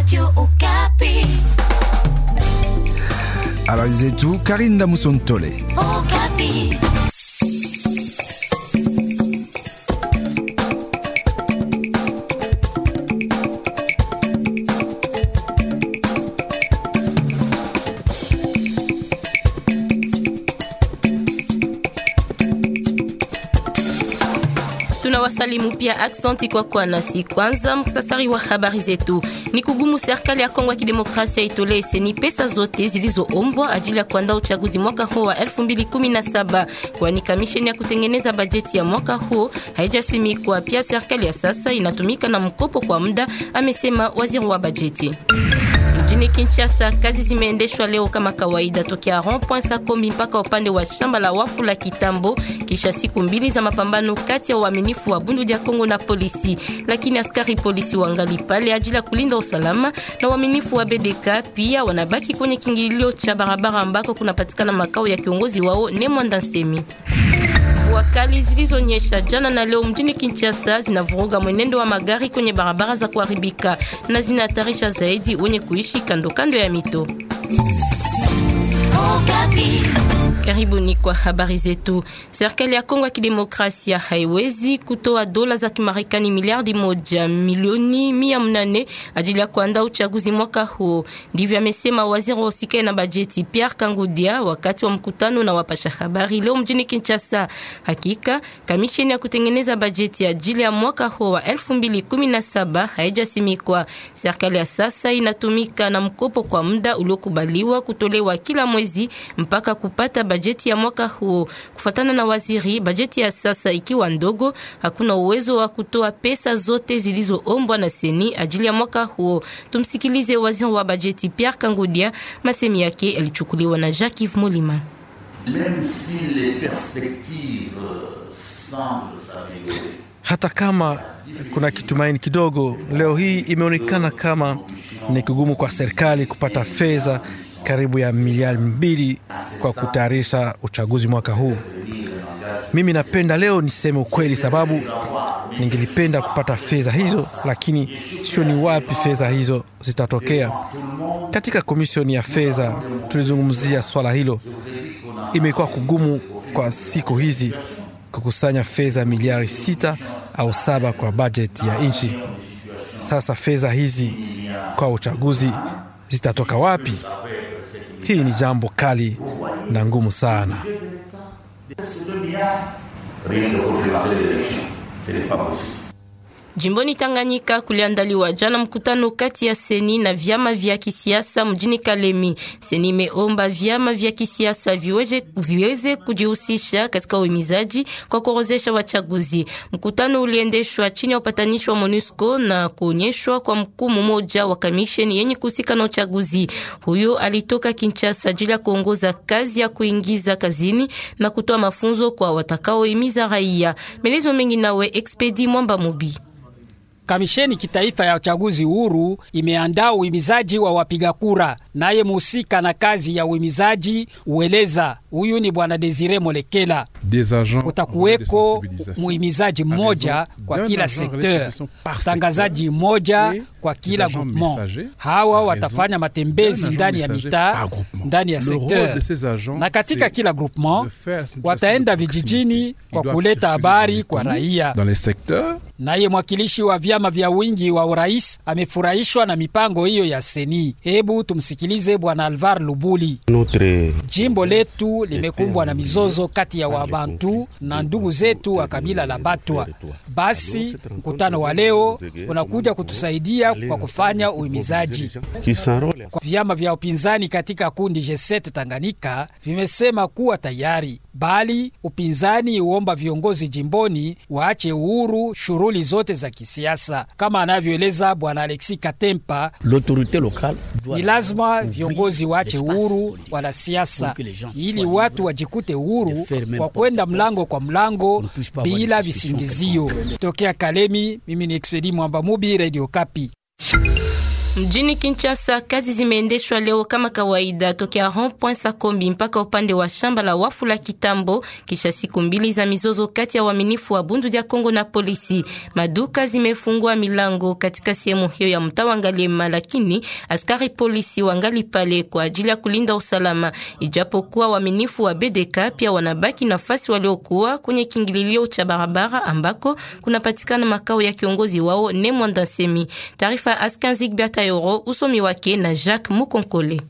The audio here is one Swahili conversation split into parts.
Radio Okapi. Habari zetu Karinda Musontole. Okapi. tunawasalimu pia, aksanti kwa kwa nasi. Kwanza mktasari wa habari zetu ni kugumu serikali ya Kongo ya Kidemokrasia itolee seni pesa zote zilizoombwa ajili ya kuandaa uchaguzi mwaka huo wa 2017 kwani kamisheni ya kutengeneza bajeti ya mwaka huo haijasimikwa. Pia serikali ya sasa inatumika na mkopo kwa muda, amesema waziri wa bajeti mjini Kinshasa, kazi zimeendeshwa leo kama kawaida tokea rond-point kombi mpaka upande wa shamba la wafu la Kitambo, kisha siku mbili za mapambano kati ya waaminifu wa Bundu ya Kongo na polisi. Lakini askari polisi wangali pale ajili ya kulinda usalama na waaminifu wa BDK pia wanabaki kwenye kingilio cha barabara ambako kunapatikana makao ya kiongozi wao Nemwanda Nsemi mvua kali zilizonyesha jana na leo mjini Kinshasa zinavuruga mwenendo wa magari kwenye barabara za kuharibika na zinahatarisha zaidi wenye kuishi kando kando ya mito. Oh, Karibuni kwa habari zetu. Serikali ya Kongo ya Kidemokrasia haiwezi kutoa dola za Kimarekani miliardi moja milioni mia mnane ajili ya kuandaa uchaguzi mwaka huo. Ndivyo amesema waziri wa sikae na bajeti Pierre Kangudia wakati wa mkutano na wapasha habari leo mjini Kinshasa. Hakika kamisheni ya kutengeneza bajeti ajili ya mwaka huo wa 2017 haijasimikwa. Serikali ya sasa inatumika na mkopo kwa muda uliokubaliwa kutolewa kila mwezi mpaka kupata bajeti bajeti ya mwaka huo. Kufatana na waziri, bajeti ya sasa ikiwa ndogo, hakuna uwezo wa kutoa pesa zote zilizoombwa na seni ajili ya mwaka huo. Tumsikilize waziri wa bajeti Pierre Kangudia, masemi yake yalichukuliwa na Jacques Molima. Hata kama kuna kitumaini kidogo, leo hii imeonekana kama ni kigumu kwa serikali kupata fedha karibu ya miliari mbili kwa kutayarisha uchaguzi mwaka huu. Mimi napenda leo niseme ukweli, sababu ningelipenda kupata fedha hizo, lakini sio ni wapi fedha hizo zitatokea. Katika komishoni ya fedha tulizungumzia swala hilo. Imekuwa kugumu kwa siku hizi kukusanya fedha miliari sita au saba kwa bajeti ya nchi. Sasa fedha hizi kwa uchaguzi zitatoka wapi? hii ni jambo kali na ngumu sana. Jimboni Tanganyika kuliandaliwa jana mkutano kati ya seni na vyama vya kisiasa mjini Kalemi. Seni imeomba vyama vya kisiasa viweze, viweze kujihusisha katika uhimizaji kwa kuorozesha wachaguzi. Mkutano uliendeshwa chini ya upatanishi wa MONUSCO na kuonyeshwa kwa mkuu mmoja wa kamisheni yenye kuhusika na uchaguzi. Huyo alitoka Kinshasa ajili ya kuongoza kazi ya kuingiza kazini na kutoa mafunzo kwa watakaohimiza raia. Melezo mengi nawe Expedi Mwamba Mubi. Kamisheni kitaifa ya uchaguzi huru imeandaa uhimizaji wa wapiga kura, naye muhusika na kazi ya uhimizaji ueleza huyu ni bwana Desire Molekela. Kutakuweko muhimizaji mmoja kwa kila sekteur, mtangazaji mmoja kwa kila groupement. Hawa watafanya matembezi ndani ya mitaa, ndani ya sekteur na katika kila groupement, wataenda vijijini kwa kuleta habari kwa raia. Naye mwakilishi wa vyama vya wingi wa urais amefurahishwa na mipango hiyo ya seni. Hebu tumsikilize Bwana Alvar Lubuli. Jimbo letu limekumbwa na mizozo kati ya Wabantu na ndugu zetu wa kabila la Batwa. Basi mkutano wa leo unakuja kutusaidia kwa kufanya uhimizaji. Vyama vya upinzani katika kundi G7 Tanganyika vimesema kuwa tayari bali upinzani uomba viongozi jimboni waache uhuru shughuli zote za kisiasa, kama anavyoeleza bwana Alexi Katempa. Ni lazima viongozi waache uhuru wanasiasa, ili watu wajikute uhuru kwa kwenda mlango kwa mlango bila visingizio. Tokea Kalemi, mimi ni Expedi Mwamba Mubi, Radio Kapi. Mjini Kinshasa kazi zimeendeshwa leo kama kawaida tokea rond-point Sakombi mpaka upande wa shamba la wafu la Kitambo, kisha siku mbili za mizozo kati ya waaminifu wa Bundu ya Kongo na polisi. Maduka zimefungua milango katika sehemu hiyo ya mtaa wa Ngalema, lakini askari polisi wangali pale kwa ajili ya kulinda usalama, ijapokuwa waaminifu wa BDK pia wanabaki nafasi waliokuwa kwenye kingililio cha barabara ambako kunapatikana makao ya kiongozi wao Nemwanda Nsemi. Taarifa askanzig bata mayoro usomi wake na jacques mukonkole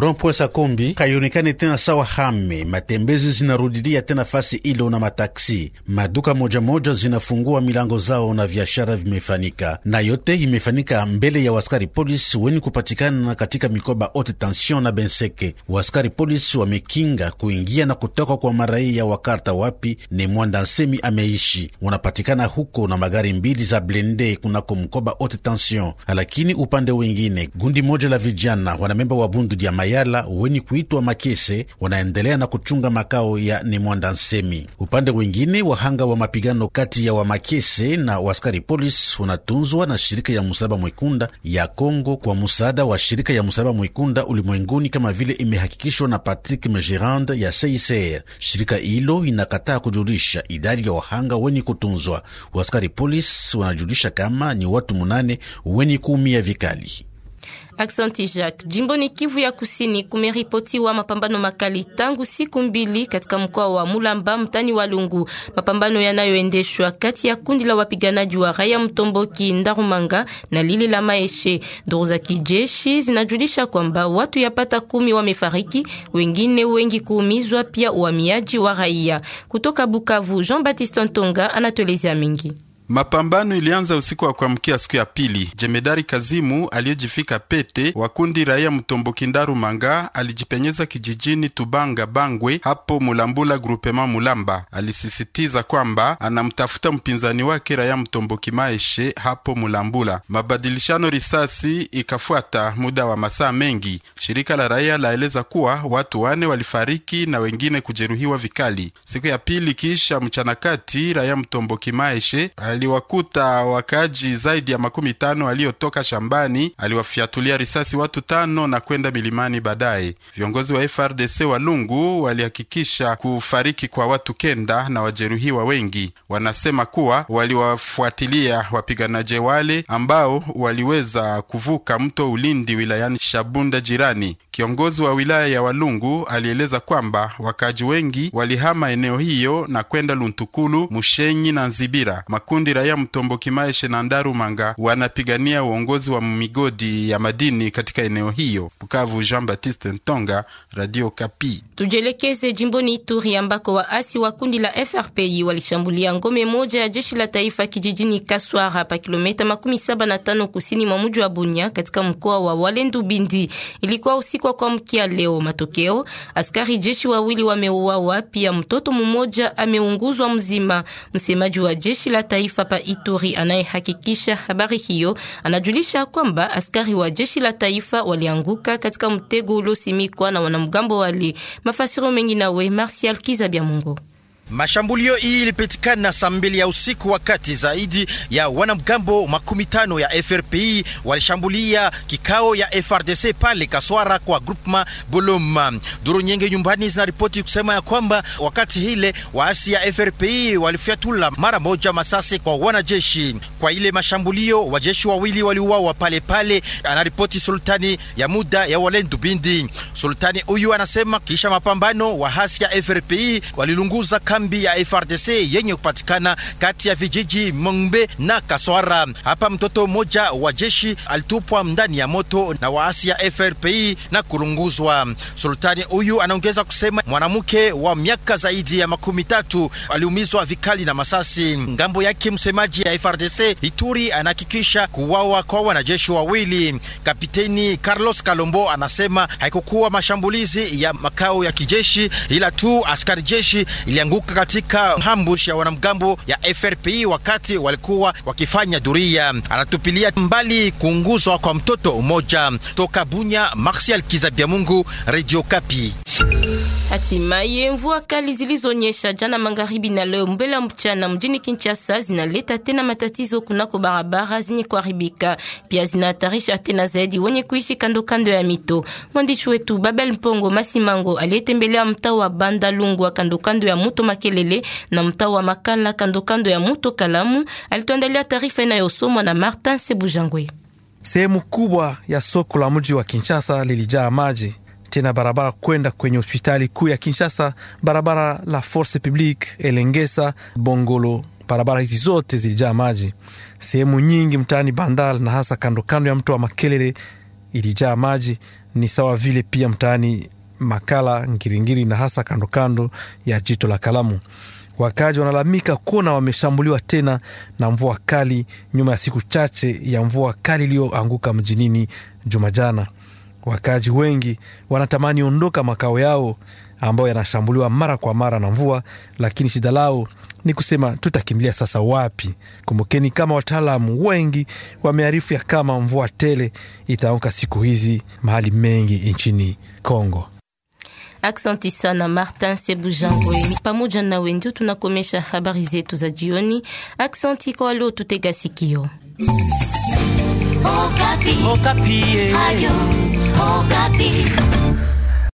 Rompoint kombi kayonekane tena sawa hame, matembezi zinarudilia tena fasi ilo na mataksi. Maduka moja moja zinafungua milango zao na biashara vimefanika, na yote imefanika mbele ya waskari polisi weni kupatikana katika mikoba ote tension na Benseke. Waskari polisi wamekinga kuingia na kutoka kwa maraia wa karta wapi ni Mwanda Nsemi ameishi, wanapatikana huko na magari mbili za blende kunako mkoba ote tension, lakini upande wengine gundi moja la vijana wanamemba wa bundu ya Mayala wenye kuitwa Makese wanaendelea na kuchunga makao ya Nimwanda Nsemi. Upande wengine, wahanga wa mapigano kati ya Wamakese na waskari polisi wanatunzwa na shirika ya Msalaba Mwekunda ya Kongo kwa msaada wa shirika ya Msalaba Mwekunda ulimwenguni kama vile imehakikishwa na Patrick Megerand ya CICR. Shirika hilo inakataa kujulisha idadi ya wahanga wenye kutunzwa. Waskari polisi wanajulisha kama ni watu munane wenye kuumia vikali. Aksanti Jacques. Jimboni Kivu ya Kusini kumeripotiwa mapambano makali tangu siku mbili katika mkoa wa Mulamba mtani wa Lungu, mapambano yanayoendeshwa kati ya kundi la wapiganaji wa Raya Mtomboki Ndarumanga na lili la Maeshe. Ndugu za kijeshi zinajulisha kwamba watu yapata kumi wamefariki, wengine wengi kuumizwa, pia uhamiaji wa raia kutoka Bukavu. Jean Baptiste Ntonga anatuelezea mingi. Mapambano ilianza usiku wa kuamkia siku ya pili. Jemedari Kazimu aliyejifika pete wa kundi raia Mtomboki Ndaru Manga alijipenyeza kijijini Tubanga Bangwe hapo Mulambula Grupema Mulamba. Alisisitiza kwamba anamtafuta mpinzani wake raia mtomboki maeshe hapo Mulambula. Mabadilishano risasi ikafuata muda wa masaa mengi. Shirika la raia laeleza kuwa watu wane walifariki na wengine kujeruhiwa vikali. Siku ya pili kisha mchanakati raia Mtomboki Maeshe aliwakuta wakaaji zaidi ya makumi tano aliyotoka shambani. Aliwafyatulia risasi watu tano na kwenda milimani baadaye. Viongozi wa FRDC Walungu walihakikisha kufariki kwa watu kenda na wajeruhiwa wengi. Wanasema kuwa waliwafuatilia wapiganaji wale ambao waliweza kuvuka mto Ulindi wilayani Shabunda jirani. Kiongozi wa wilaya ya Walungu alieleza kwamba wakaaji wengi walihama eneo hiyo na kwenda Luntukulu, Mushenyi na Nzibira. Makundi kundi raia Mtombo Kimaeshe na Ndarumanga wanapigania uongozi wa migodi ya madini katika eneo hiyo. Bukavu, Jean Baptiste Ntonga, Radio Kapi. Tujelekeze jimboni Ituri ambako waasi wa kundi la FRPI walishambulia ngome moja ya jeshi la taifa kijijini Kaswara pa kilomita makumi saba na tano kusini mwa mji wa Bunia katika mkoa wa Walendu Bindi. Ilikuwa usiku wa kuamkia leo. Matokeo, askari jeshi wawili wameuawa, pia mtoto mmoja ameunguzwa mzima. Msemaji wa jeshi la taifa Papa Ituri anayehakikisha habari hiyo anajulisha kwamba askari wa jeshi la taifa walianguka katika mtego uliosimikwa na wanamgambo wale. Mafasiro mengi nawe Martial kizabia Mungu. Mashambulio hii ilipitikana saa mbili ya usiku, wakati zaidi ya wanamgambo makumi tano ya FRPI walishambulia kikao ya FRDC pale Kaswara kwa grupma Buluma. Duru nyingi nyumbani zinaripoti kusema ya kwamba wakati hile waasi ya FRPI walifyatula mara moja masasi kwa wanajeshi. Kwa ile mashambulio, wajeshi wawili waliuawa pale pale, anaripoti sultani ya muda ya Walendu Bindi. Sultani huyu anasema kisha mapambano waasi ya FRPI walilunguza kambi ya FRDC yenye kupatikana kati ya vijiji Mongbe na Kaswara. Hapa mtoto mmoja wa jeshi alitupwa ndani ya moto na waasi ya FRPI na kulunguzwa. Sultani huyu anaongeza kusema mwanamke wa miaka zaidi ya makumi tatu aliumizwa vikali na masasi. Ngambo yake msemaji ya FRDC Ituri anahakikisha kuwawa kwa wanajeshi wawili. Kapiteni Carlos Kalombo anasema haikukuwa mashambulizi ya makao ya kijeshi, ila tu askari jeshi ilianguka kutoka katika hambush ya wanamgambo ya FRPI wakati walikuwa wakifanya duria. Anatupilia mbali kuunguzwa kwa mtoto mmoja toka Bunya. Marsial Mungu, Radio Kapi. Hatimaye mvua kali zilizonyesha jana magharibi na leo mbele ya mchana mjini Kinshasa zinaleta tena matatizo kunako barabara zenye kuharibika, pia zinahatarisha tena zaidi wenye kuishi kando kando ya mito. Mwandishi wetu Babel Mpongo Masimango aliyetembelea mtaa wa Banda Lungwa kando kando ya mto Makelele na mtaa wa Makala kando kando ya Muto Kalamu. Alituandalia taarifa inayosomwa na Martin Sebujangwe. Sehemu kubwa ya soko la mji wa Kinshasa lilijaa maji tena barabara kwenda kwenye hospitali kuu ya Kinshasa, barabara la Force Publique, Elengesa, Bongolo, barabara hizi zote zilijaa maji. Sehemu nyingi mtaani Bandal na hasa kando kando ya mto wa Makelele ilijaa maji, ni sawa vile pia mtaani makala Ngiringiri na hasa kando kando ya jito la Kalamu. Wakaaji wanalalamika kuona wameshambuliwa tena na mvua kali nyuma ya siku chache ya mvua kali iliyoanguka mjinini Jumajana. Wakaaji wengi wanatamani ondoka makao yao ambayo yanashambuliwa mara kwa mara na mvua, lakini shida lao ni kusema tutakimbilia sasa wapi? Kumbukeni kama wataalamu wengi wamearifu ya kama mvua tele itaanguka siku hizi mahali mengi nchini Kongo. Aksanti sana Martin Sebujangwe. Ni pamoja nawe ndio tunakomesha habari zetu za jioni. Aksanti kwa leo, tutega sikio Okapi. Okapi, eh. Adio, Okapi.